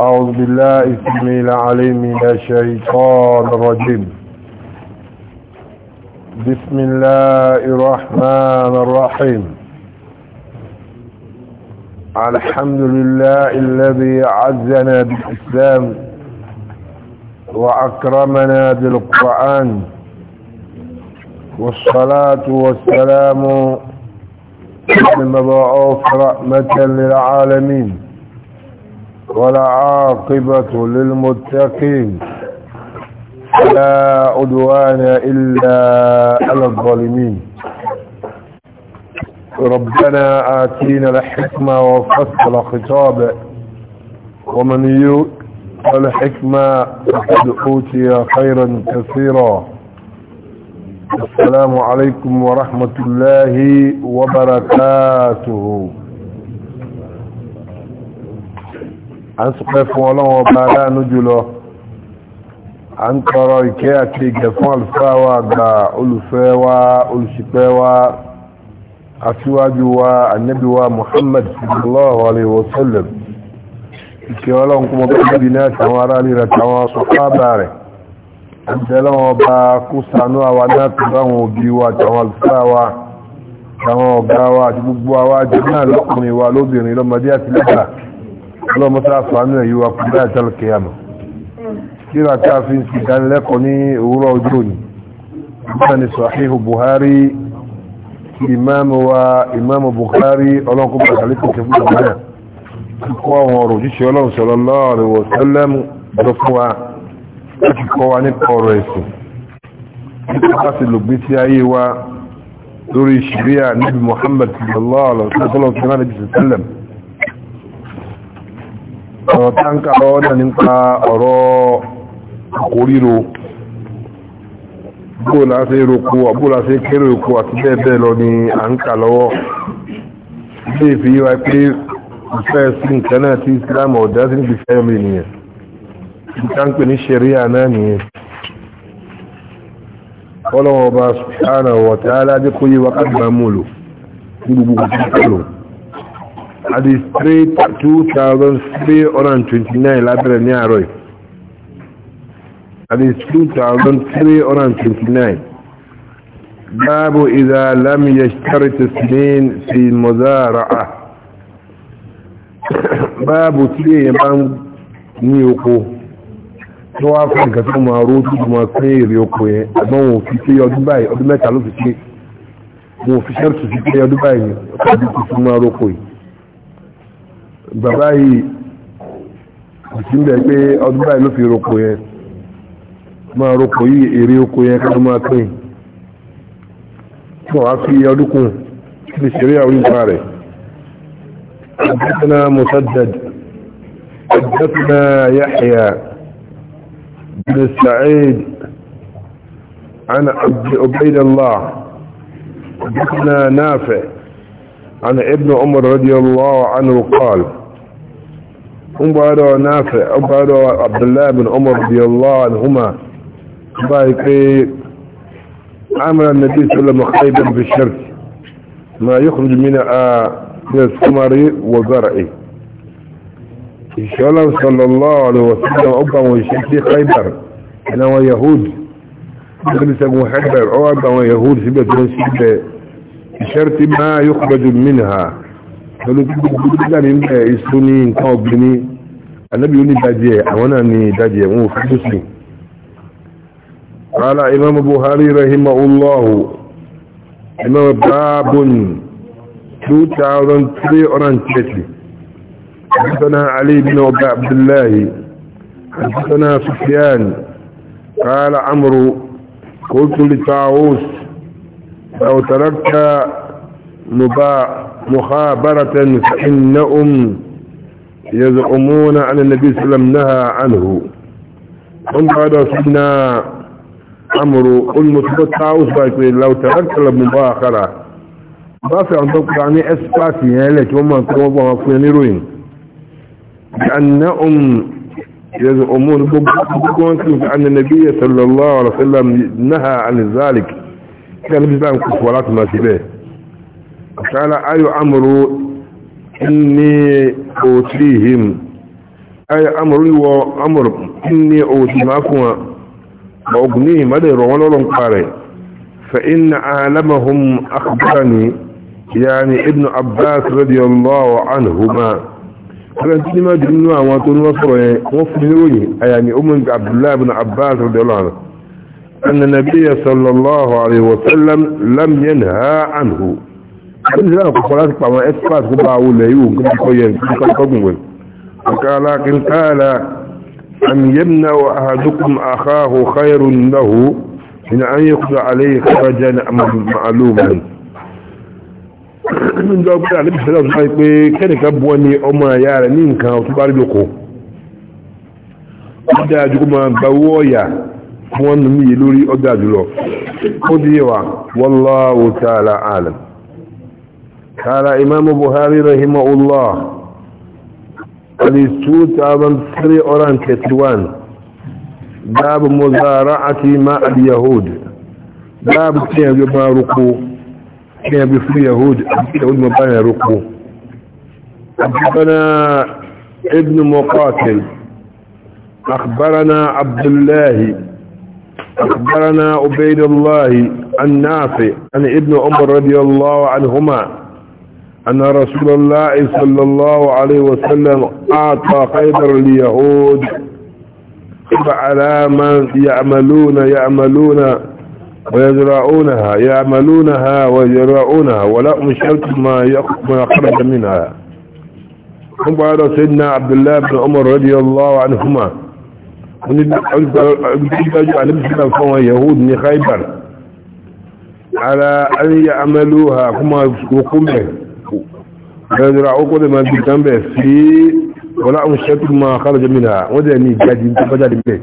أعوذ بالله اسمي العلي من الشيطان الرجيم بسم الله الرحمن الرحيم الحمد لله الذي عزنا بالإسلام وأكرمنا بالقرآن والصلاة والسلام المبعوث رحمة للعالمين ولا عاقبة للمتقين لا عدوان إلا على الظالمين ربنا آتينا الحكمة وفصل خطاب ومن يؤت الحكمة فقد أوتي خيرا كثيرا السلام عليكم ورحمة الله وبركاته a ń sọpẹ́ fún ọlọ́wọ́ ọba aláàánú jùlọ a ń tọrọ ìkẹ́ àti ìgẹ̀ fún àlùfáà wa àgbà olùfẹ́ wa olùṣìpẹ̀ wa aṣíwájú wa ànábì wa Muhammad sallallahu alaihi wa sallam ìkẹ́ ọlọ́run kúmọ̀ pẹ̀lú ìdí náà tàwọn ará lè rẹ̀ ọlọ́mọ tá a sọ àánú ẹ̀yí wa kúrò láì tẹ́lẹ̀ kìyàmù kíra tí a fi ń sì dánilẹ́kọ̀ọ́ ní òwúrọ̀ ojú òní nígbà ní sọ̀híhù Buhari ìmáàmù wa ìmáàmù Buhari ọlọ́kùnrin àtàlẹ́kùn kẹfù nàìjíríà kíkọ́ àwọn ọ̀rọ̀ òjíṣẹ́ ọlọ́run sallallahu alaihi wa sallam jọ fún wa láti kọ́ wa àwọn táǹkà ọ́nà nípa ọ̀rọ̀ àkóríro bóòlá sí roko àbóòlá sí kéré roko àti bẹ́ẹ̀ lọ ni à ń kà lọ́wọ́ ilé ìfi wá pé ìfẹ́ sí nǹkan náà tí Islam ọ̀dá sí níbi fẹ́ mi nìyẹn nǹkan pè ní ṣẹ̀ríà náà nìyẹn ọlọ́wọ́ ọba subhanahu wa ta'ala wákàtí máa mú lò ní gbogbo gbogbo hadith 2329 lábẹ́rẹ̀ ní àárọ̀ yìí hadith 2329 báàbù ìdá lámìyà ṣàrìtì sílẹ̀ sí mọ̀záraá báàbù tí èyàn bá ní oko tó wá fún ìgbà tó máa rú tó máa pín èrè oko yẹn àgbọn wọn fi pé ọdún báyìí ọdún mẹ́ta ló fi pé wọn fi ṣẹ́rìtì sí pé ọdún báyìí ọdún tó máa róko yìí bàbá yìí kò sí bẹ̀ pé ọdún báyìí ló fi roko yẹn máa roko yìí èrè oko yẹn ká ló máa pín fún wa fi ọdún kún kí lè ṣeré àwọn ìpa rẹ̀ حدثنا مسدد حدثنا يحيى بن سعيد عن عبيد الله حدثنا نافع عن ابن عمر رضي الله عنه قال أمبارو نافع أمبارو عبد الله بن عمر رضي الله عنهما بايقي عمل النبي صلى الله عليه وسلم في الشرك ما يخرج من من الثمر وزرعه إن شاء الله صلى الله عليه وسلم أبا ويشكي خيبر أنا ويهود أجلس أبو حبر أو أبا ويهود سبة سبة شرط ما يخرج منها قال امام البخاري رحمه الله امام باب 2003 اورانتيتي حدثنا علي بن عبد الله حدثنا سفيان قال عمرو قلت لطاووس لو تركت مباح مخابرة فإنهم يزعمون عن النبي صلى الله عليه وسلم نهى عنه ثم قالوا سيدنا عمرو المثبت تعوز بايك لو تركت المباخرة بافع عندك يعني اسباتي لك وما تروبوا فين روين لأنهم يزعمون أن النبي صلى الله عليه وسلم نهى عن ذلك كان النبي صلى الله عليه وسلم كفولات ما شبه قال أي أمر إني أوتيهم أي أمر وأمر إني أوتي معكما وأغنيهم هذا يروان لهم قال فإن عالمهم أخبرني يعني ابن عباس رضي الله عنهما فلنتني ما جنوا واتون وصروا وفرنوني يعني أم عبد الله بن عباس رضي الله عنه أن النبي صلى الله عليه وسلم لم ينهى عنه àdúgbò ìlànà kọ̀kọ́ láti pàwọn experts kó bá wo lẹ̀ yíò nǹkan kọ́ yẹ nǹkan kọ́gùn wẹ̀ ọ̀kàlá kìntàlá àmìyẹ́mìnà àhàdùkùn àkáhù khairun lahu من أن يقضى عليه خرجا معلوما من دو بدا عليه السلام ní nǹkan rí lóko ọdá ó di yẹwà wallahu ta'ala alam قال إمام بخاري رحمه الله قال سوت سري اوران كتوان باب مزارعة ما اليهود باب كيف يباركوا كيف يفري يهود يهود بان يركوا أخبرنا ابن مقاتل أخبرنا عبد الله أخبرنا عبيد الله النافع عن ابن عمر رضي الله عنهما أن رسول الله صلى الله عليه وسلم أعطى خيبر اليهود فعلى من يعملون يعملون ويزرعونها يعملونها ويزرعونها ولهم شرط ما خرج منها ثم قال سيدنا عبد الله بن عمر رضي الله عنهما يهود من خيبر على أن يعملوها كما يقوم به ẹ̀rọ àwọ́kọ́ lè máa bí kan bẹ̀ sí wọ́n láwọn ṣẹ́tù máa jẹ́ mìíràn wọ́n dẹ̀ ní ìdájí tó bá jáde bẹ̀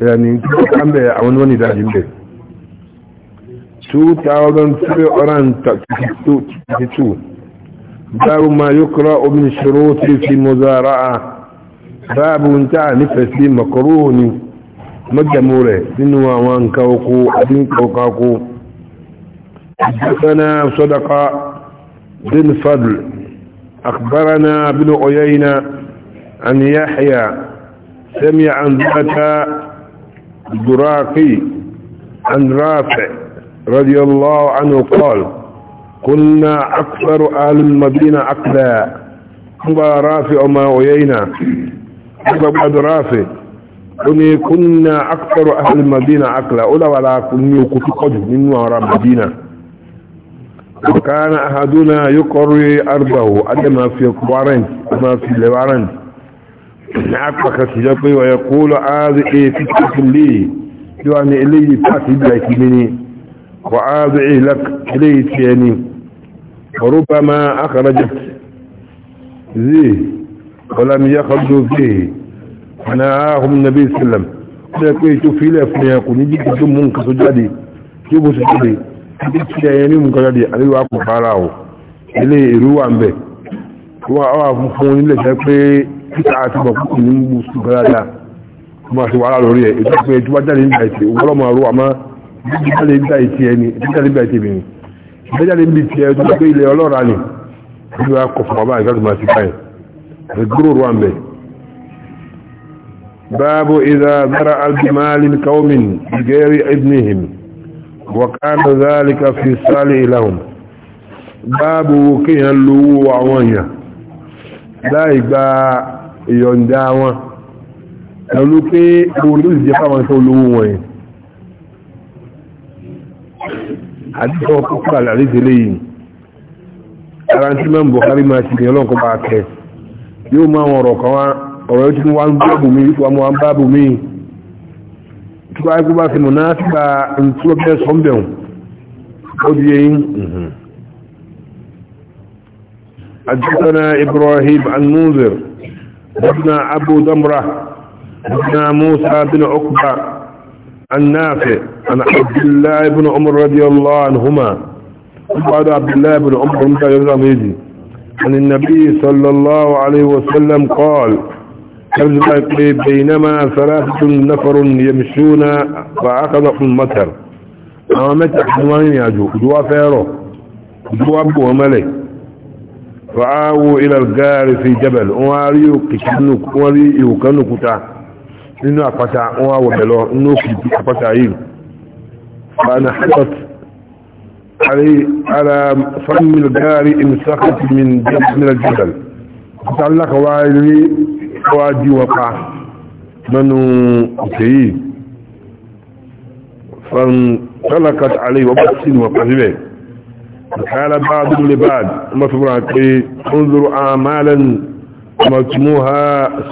ìrànì tó kán bẹ̀ àwọn bẹ̀ fi mọ́zára a báàbù ń tà nífẹ̀ẹ́ sí mọ̀kọ́rọ̀ ní mọ́jàmú rẹ̀ nínú àwọn nǹkan oko àti nǹkan بن فضل أخبرنا بن عيينة عن يحيى سمع عن ذات الدراقي عن رافع رضي الله عنه قال كنا أكثر أهل المدينة عقلا أبا رافع ما عيينة أبا رافع كنا أكثر أهل المدينة عقلا أولا ولا كنت قد من وراء المدينة وكان أحدنا يقري أرضه عندما في قوارن ما في لوارن عقبك سجقي ويقول آذئي فتحة لي يعني إليه فاتح بيك مني وآذئي لك إليه تياني وربما أخرجت ذي ولم يخرجوا فيه فنهاهم النبي صلى الله عليه وسلم يقول في لفني يقول يجيك دم منك سجدي شوفوا سجدي ibi tí ẹyẹ ní mú kọjá di àríwá kò fara o ilé ìrú wà ń bẹ̀ wọ́n àwọn fún nílẹ̀ jẹ́ pé títà àti bọ̀ ní mú sùn dáadáa wọ́n àti wàhálà lórí ẹ̀ ìjọ pé ìjọba jáde nígbà ìtì wọ́n máa rú àmọ́ ìjọba nígbà ìtì ẹni ìjọba nígbà ìtì ẹni ìjọba jáde níbi ìtì ẹ tó pé ilẹ̀ ọlọ́ra ni ìjọba kọ̀ fún bàbá ìjọba báyìí ẹ̀ وكان ذلك في الصالح لهم باب كيان لو وعوانيا لا يبا يونداوا لو كي ولوز دي فاما سو لو وين حديث هو كفر على رجلين أرانتي من بخاري ما تبين لهم كباكي يوم ما وروكوا ọ̀rọ̀ tí wọ́n ń بابو mí tó ágbó bá ti mọ̀ náà ti gba ntí wọ́n ó di حدثنا إبراهيم المنذر حدثنا أبو دمرة حدثنا موسى بن عقبة نافع عن عبد الله بن عمر رضي الله عنهما وقال عبد الله بن عمر رضي الله عنه عن النبي صلى الله عليه وسلم قال بينما ثلاثة نفر يمشون فأخذهم مطر أما متى حنوان يجو جوا فيرو جوا بو ملك فعاو إلى الجار في جبل واريو كشنوك واريو كنوكتا إنو أفتا وارو بلو إنو أفتا إيو فأنا حفظ علي على فم الجار إن سخت من جبل من الجبل تعلق واريو wá dí wọn pa nínú òkè yìí fàntálàkàt alẹ́ ìwọ́n bá sí wọn pa síbẹ̀ kààlà bá dúdú lè bá ọmọ fún wọn pé ó ń zọrọ àmàlẹ́n ọmọtúnmọ́ha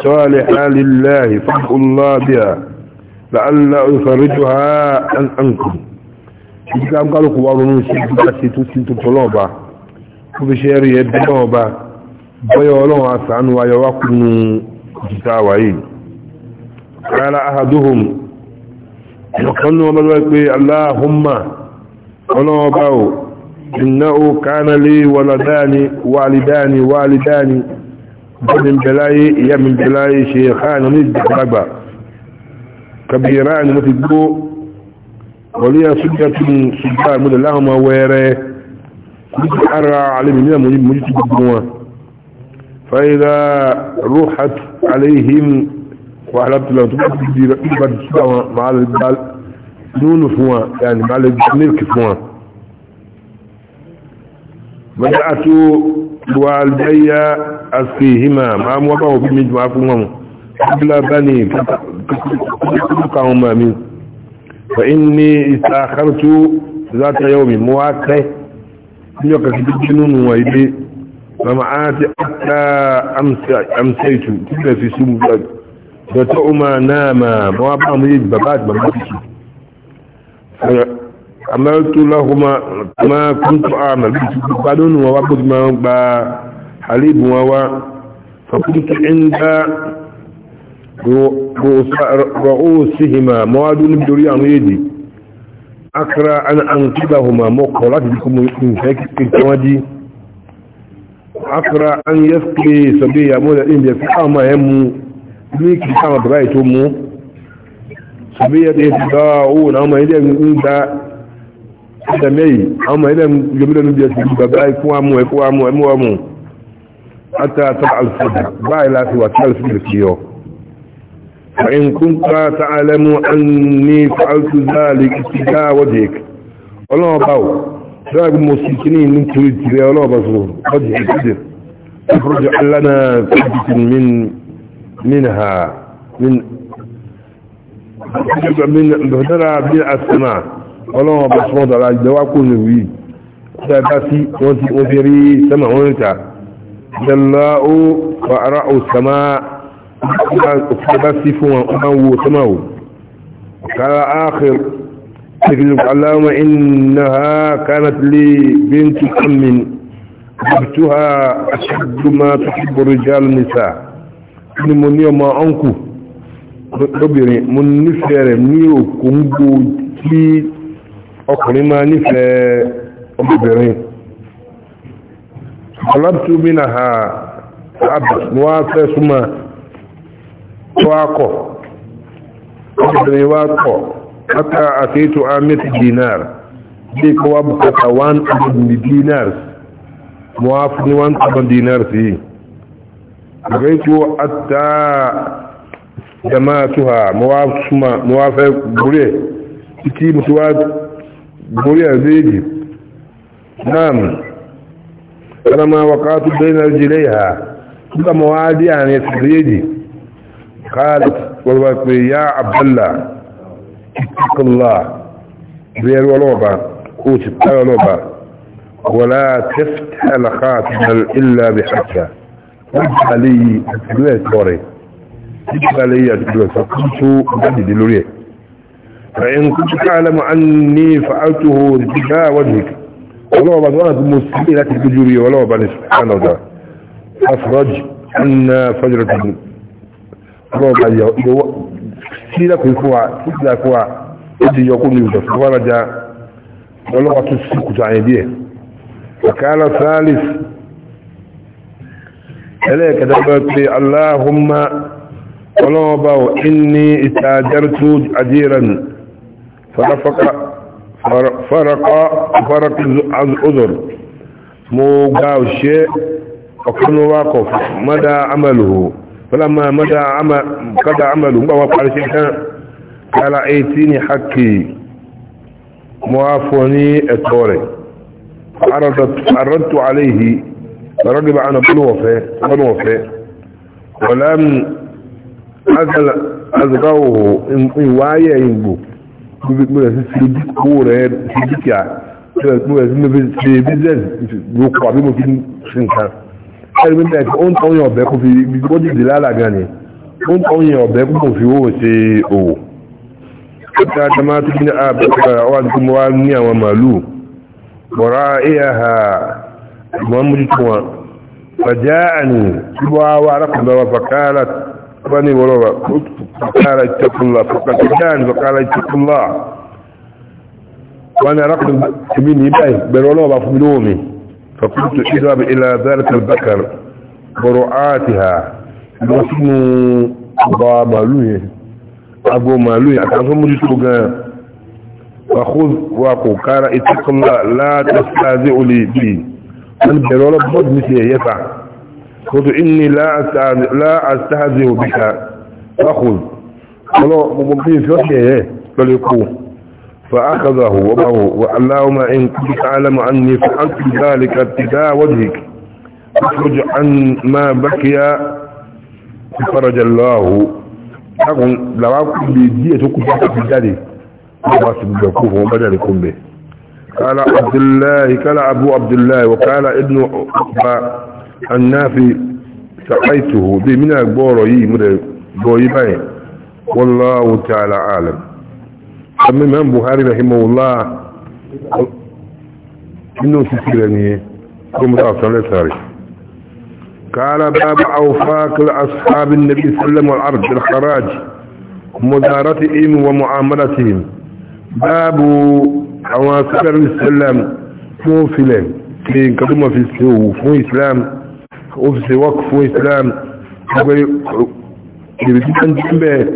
sọ́ọ̀lẹ̀ alìláhì fàkúnlọ́bíà la'alla ìfàríjọ́ha ẹnkù ìdíkà ń kálùkù wà ronú sí ìdíkà sí tó sí tó tọ́lọ́ọ̀bá ó fi ṣe rí ẹbí náà bá bọ́yọ̀ ọlọ́run àsánú ayọ̀wá kùnú تاوائي قال أحدهم يقنوا بالوقت اللهم ولو باو إنه كان لي ولدان والدان والدان من بلاي يا من بلاي شيخان نجد كبيران متدبو وليا سجة سجة من لهما ويري كنت أرى عليه من مجد بقوة فإذا روحت عليهم وحلبت لهم تبقى سوا مع البال نون فوان يعني مع الملك فوان بدأت والدي أسقيهما ما موقعوا في مجمع فوهم قبل بني كتبقهما من فإني استأخرت ذات يوم مواكه يوكا كتبت نون ويدي سمعات حتى أمسيت كل في سمو فتعما ناما وابا مجد ببات بمسيت فعملت لهما ما كنت أعمل بسببادون وابد ما بحليب ووا فكنت عند رؤوسهما موادون بدوري عميدي أكرى أن أنقذهما مقلات بكم من فاكس كنت عسر أن يسقي سبيه مولى الإنبياء في أما يمو ليك كما برأيت أمو سبيه يتداعون أما إذا يمدى سمي أما إذا جميل الإنبياء في بابا يكو أمو يكو أمو أمو أمو حتى تبع الفجر باي لا سوى تلف بالكيو فإن كنت تعلم أني فعلت ذلك تجاه وجهك الله باو راجل مسكين من تريد يا الله بصور قد يقدر اخرج لنا فائدة من منها من من بهدرة من السماء الله بصور على الدواء كل ويد سابسي وانتي وفيري سماء وانتا جلاء وأرأوا السماء سابسي فوان أمو سماو قال آخر اللهم إنها كانت لي بنت أم حبتها أشد ما تحب الرجال النساء ni mo ní ọmọ ọ́nkù lóbìnrin mo nífẹ̀ẹ́ rẹ̀ ní òkú ń gbò tí ọkùnrin máa nífẹ̀ẹ́ ọmọbìnrin ọlọ́pùtúmí na ha àbẹ̀ wá fẹ́ súnmọ́ tó á ọmọbìnrin wá kọ̀ حتى أتيت عامة دينار ديك وابقى وان أبن دينار موافني وان أبن دينار فيه بقيت حتى جماعتها موافق بريه تي متواد بريه زيجي نعم فلما وقعت بين رجليها كل موادي يعني سريجي قالت والله يا عبد الله الله ولوبا ولوبا ولا تفتح خاتما إلا بحقها واجب لي أتبليه توري واجب لي أتبليه فإن كنت تعلم أني فعلته اتباع وجهك ولو بدوانة المسلمين التي تجري ولو بني سبحان الله أفرج أن فجرة ولو بني sílẹ̀ kò fún wa sílẹ̀ kò wa ó ti yọ kó ní ìwòsàn fún wàrà já ọlọ́wà tó sì kùtù àyè díẹ̀ àkàlà sálìs ẹlẹ́ẹ̀kẹta bá pé aláhùnmá ọlọ́wà bá wọ inni ìtàjẹ́rìtú àjíran farafaka faraka faraka azuzur mo gba òṣìṣẹ́ ọkùnrin wa mọ́dá amaluhu فلما مدى عمل قد عمله وقال شيئا قال ايتيني حقي موافوني اتوري فعرضت عرضت عليه فرغب عن ابن وفاه ابن وفاه ولم ازل ازغوه ان وايه ينبو بيقول لك سيدي كوره سيدي يا بيقول لك سيدي بيزن بيقول لك سيدي بيزن ẹ̀rí mímẹ́ ẹ̀kọ́ ó ń tọ́ yẹn ọ̀bẹ́ kó fi gbogbo dìde lálàgà ni ó ń tọ́ yẹn ọ̀bẹ́ kó fi owó ṣe òwò ta dama tó ní àbẹ̀kọ̀ ah, wà tó mọ́ wá ní àwọn màálù bọ̀rá ẹ̀yà ha ìgbọ́n mójútó wọn fàjá àní tí wọ́n wá arákùnrin wa fàkàrà bá ní wọ́rọ̀ wa fàkàrà ìtẹ́kùnlá fàkàrà ìtẹ́kùnlá wọn ni arákùnrin فكنت اذهب الى ذلك البكر برعاتها واسم ابا مالوه ابو مالوه اتعرفوا مجلسوا جان فخذ واقو اتق الله لا تستاذئ لي بي من بلولا بود مثلي يفع خذ اني لا لا استهزئ بك فخذ قالوا ممكن في وقت ايه قالوا فأخذه ومعه وعلاهما إن كنت تعلم عني فأنت ذلك ابتداء وجهك اخرج عن ما بكي فرج الله أقول لو أقول بيدية كفاك في ذلك واسب بكوف وبدل به قال عبد الله قال أبو عبد الله وقال ابن النافي سقيته بمن بوري مري بوري باين والله تعالى عالم أما إمام بخاري رحمه الله إنه سكرني كم رأس على ساري قال باب أوفاك لأصحاب النبي صلى الله عليه وسلم والعرض بالخراج مدارتهم ومعاملتهم باب أواسك النبي صلى الله عليه وسلم فوفلين في كدوم في السوء فو إسلام أوفسي وقف فو إسلام يبدو أن جنبه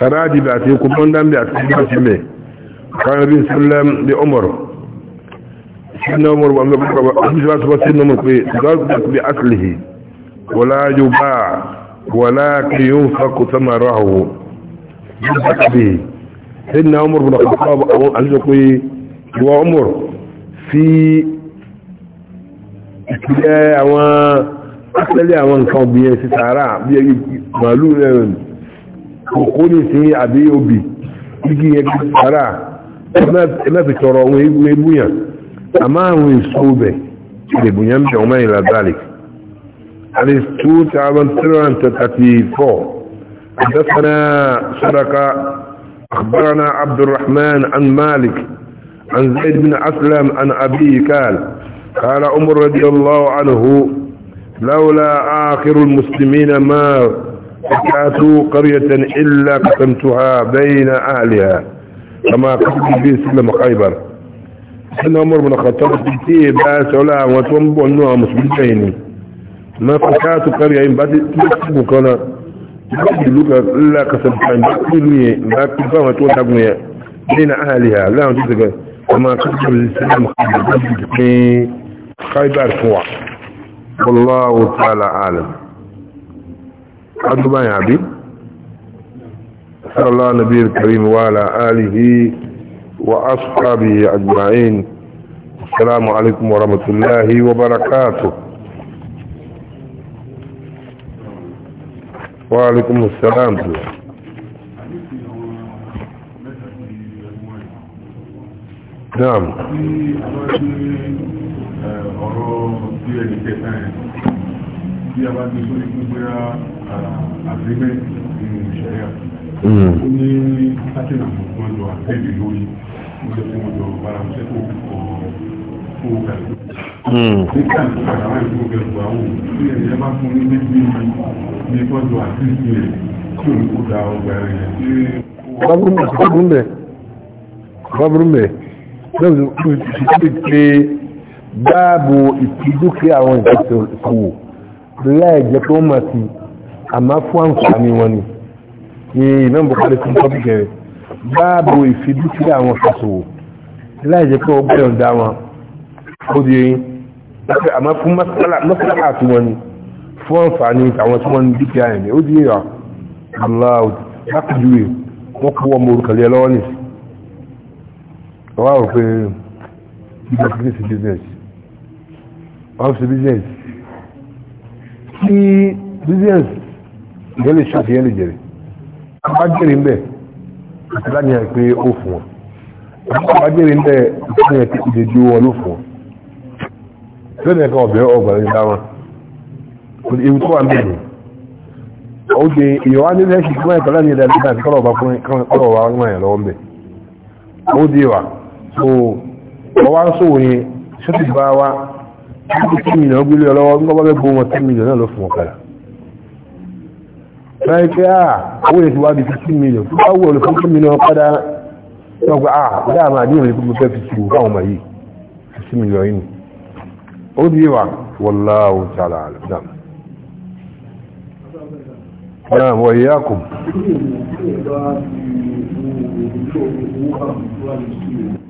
خراجي بأتي وكمان دم بأتي قال النبي صلى الله عليه وسلم لعمر سيدنا عمر وابن بكر امس بات سيدنا عمر تصدق باكله ولا يباع ولكن ينفق ثمره ينفق به سيدنا عمر بن الخطاب قال وعمر في ìpìlẹ̀ àwọn akẹ́lẹ̀ àwọn nǹkan obìnrin sí sàárà bí i màálù ẹ̀rùn kòkó ní sí àbí obì igi yẹn sàárà má fi tọrọ ohun ewu ebúyàn àmọ́ àwọn èso bẹ̀ ìdìbòyàn bẹ̀ ọmọ ìlà dalek àti 2334 حدثنا سرقة أخبرنا عبد الرحمن عن مالك عن زيد بن أسلم عن أبي قال قال عمر رضي الله عنه لولا آخر المسلمين ما فتاتوا قرية إلا قسمتها بين أهلها كما قبل به سلم خيبر سيدنا عمر بن الخطاب تبتيه بقى سولا وتنبو انها مسلمين ما فكاتوا قريعين بعد تبتبوا كنا يقولوا لا كسبتين باكلني باكل فما تقول بين اهلها لا تبتبوا كما قبل سلم خيبر خيبر فوع والله تعالى عالم قد ما يعبي صلى الله نبي الكريم وعلى آله وأصحابه أجمعين السلام عليكم ورحمة الله وبركاته وعليكم السلام نعم tí a bá ti a Hmm. ó ní sátìnà wọn lọ àgbẹ̀bí lórí ó jẹ́ fún ọjọ́ bára ṣẹ́ tó fi kọ́ fún ọgbà ìlú. nígbà tó padà wáyé fún ọgbà ìlú àwọn tí ẹ̀yẹ bá fún ní méjì ní ọjọ́ àti ìpínlẹ̀ tí òun kó da ọgbà rẹ̀ sí. bábúrúmbẹ̀ bábúrúmbẹ̀ lọ́wọ́ ti pé dáàbò ìtìdúkẹ́ àwọn ìtẹ̀sẹ̀ kù láì jẹ́ pé wọ́n máa ti àmá fún àǹfààní wọn ni ní imam buhari fún tọ́bìkẹ̀ rẹ̀ báàbò ìfi dúkìá wọn fàṣòwò láìjẹ́ pé ọgbẹ́ ọ̀dá wọn ó di eyín láti àmọ́ fún mọ́sálà tí wọ́n ni fún àǹfààní àwọn tí wọ́n ní dúkìá yẹn ó di eyín aláwọ̀ lápùjúwe wọ́n kó wọn mọ̀rù kàlẹ́ lọ́wọ́ nì wọ́n rò pé ìgbà kìí sí business wọ́n fi business kí business ìyẹn lè ṣọ́ọ̀tì lè jẹ̀rẹ̀ abájẹ́rì ń bẹ̀ àti láníyàn pé ó fún wọn abájẹ́rì ń bẹ̀ láníyàn pé ìdèjú wọn ló fún wọn lónìí ẹ̀ka ọ̀bẹ̀ ọgbà ní dáwọn ewu tó wà ń bẹ̀rẹ̀ ó de ìyọ̀wá ní lẹ́sì tí wọ́n ẹ̀kọ́ láti ẹ̀dá nígbà tí kọ́lọ̀ ọba fún kọ́lọ̀ ọba wọn yẹn lọ́wọ́ ń bẹ̀ ó de wà so ọwá ń sòwò yẹn ṣé ti bá wa ṣé ti tí mi náà gbélé ọlọ́wọ́ ń gbọ́ bá bẹ́ bó wọn tí mi náà lọ fún ọ̀kadà báyìí pé à ah, owó yẹn ti wá di fifty million tó bá wọ̀ lọ fifty million padà wọ́n pé à dáa máa dín ìrìnkú fẹ́ fi ṣubú fáwọn ọmọ yìí fifty million yìí ó di wà wallahu ta'ala alam náà wọ ìyá kù.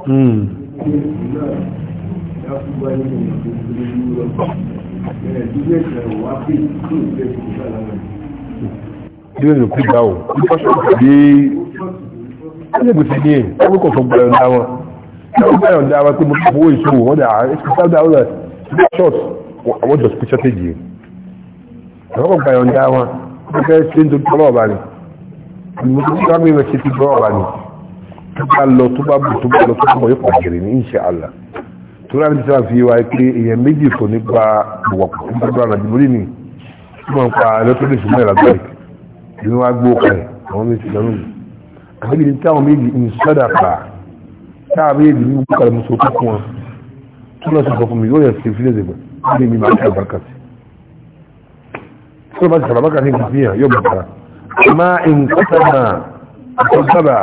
Mm. Ìgbésẹ̀ wá pé kí n bẹ̀rẹ̀ ìgbàlá rẹ̀ ilé ìlú kú gbà ó ìfọ́sọ̀ ìpàdé ẹlẹ́gbẹ̀ẹ́ ní èyí ọkọ̀ tó gbẹ̀rẹ̀ ńlá wọn ẹ̀rọ gbẹ̀rẹ̀ ńlá wọn tí mo ti fowó ìṣòwò wọn dà ẹ̀sìn sábà ó lọ short àwọn jọ picture tèjì yìí ẹ̀rọ kọ̀ gbẹ̀rẹ̀ ńlá wọn ó fẹ́ ṣe ń dojú ọlọ́ọ̀bà ni mo ti fẹ́ mi ṣe ti gbọ́ ọ̀bà ni tó bá lọ tó bá bù tó bá lọ tó bá yóò pàgẹ́rẹ́ ní insha Allah tó rà ní sáà fi wá pé èèyàn méjì kò ní gba ìwọ̀pọ̀ nígbà tó rà nàìjíríà ní tó máa ń pa electronics mọ́ ìlàgbẹ́rẹ́ ìlú wa gbó kalẹ̀ àwọn méjì lọ́nà mi àbí ní táwọn méjì ń sọ́dà pa táwọn méjì ń gbó kalẹ̀ mọ́sọ̀ tó fún wọn tó lọ sí sọ fún mi yóò yẹ kí fílẹ̀ dẹ̀gbẹ̀ ní mi máa ṣe àbákà sí tó bá ti sàbákà ní ìgbìyàn yóò bá kara àmá nǹkan náà àti sábà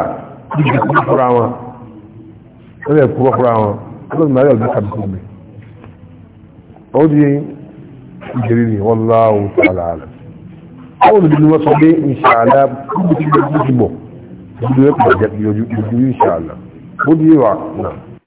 ìgbì kúrò fúra wọn lọ́dẹ̀ kúrò fúra wọn lọ́dẹ̀ máa yọ̀ lọ́dẹ̀ kàbí mi ó di ìjẹ́rìí wọ́n láwùú tààlà قول بالوصبي ان شاء الله بدي يجيبه بدي يقبل يجيبه ان شاء الله بدي يوعد نعم